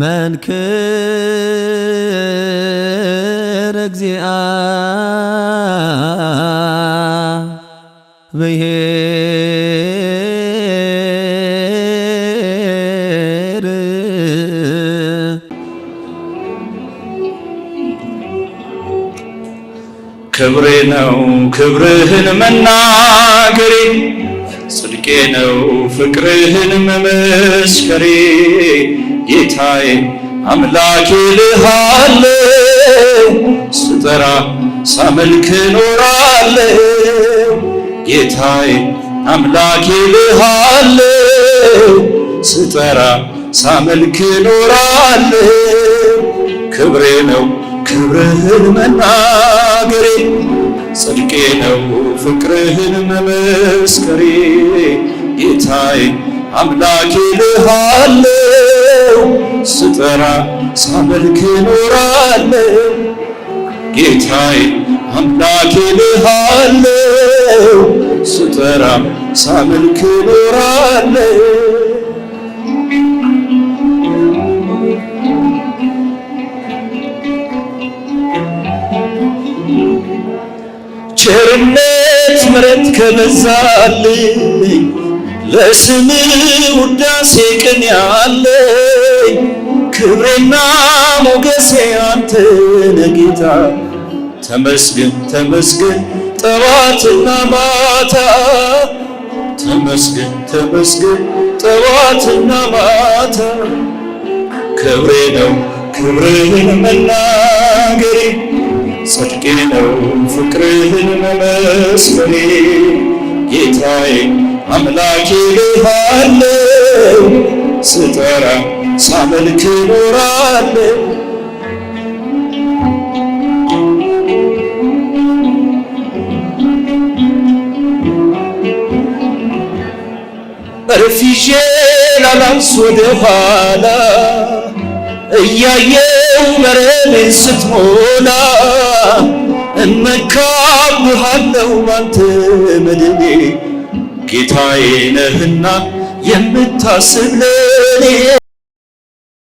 መንክር እግዚአብሔር ክብሬ ነው ክብርህን መናገሬ ጽድቄ ነው ፍቅርህን መመስከሬ ጌታዬ አምላኬ ልሃለ ስጠራ ሳመልክ ኖራለ ጌታዬ አምላኬ ልሃለ ስጠራ ሳመልክ ኖራለ ክብሬ ነው ክብርህን መናገሬ ጽድቄ ነው ፍቅርህን መመስከሬ ጌታዬ አምላክ ልሃለው ስጠራ ሳመልክ ኖራለው ጌታዬ አምላክ ልሃለው ስጠራ ሳመልክ ኖራለው ቸርነት ምረት ከበዛልኝ ለስም ውዳሴ ቅን ያለኝ ክብሬና ሞገሴ አንተ ነህ ጌታ። ተመስገን ተመስገን ጠዋትና ማታ ተመስገን ተመስገን ጠዋትና ማታ ክብሬ ነው ክብርህን መናገሬ ጽድቄ ነው ፍቅርህን መመስከሬ ጌታዬ አምላኬ ልሃለው ስጠራ ሳመልክ ኖራለው እርፊዤ ላላንስ ወደ ኋላ እያየው መረቤን ስትሞላ እመካብሃለው ባንተ መድኔ ጌታዬ ነህና የምታስብ ለኔ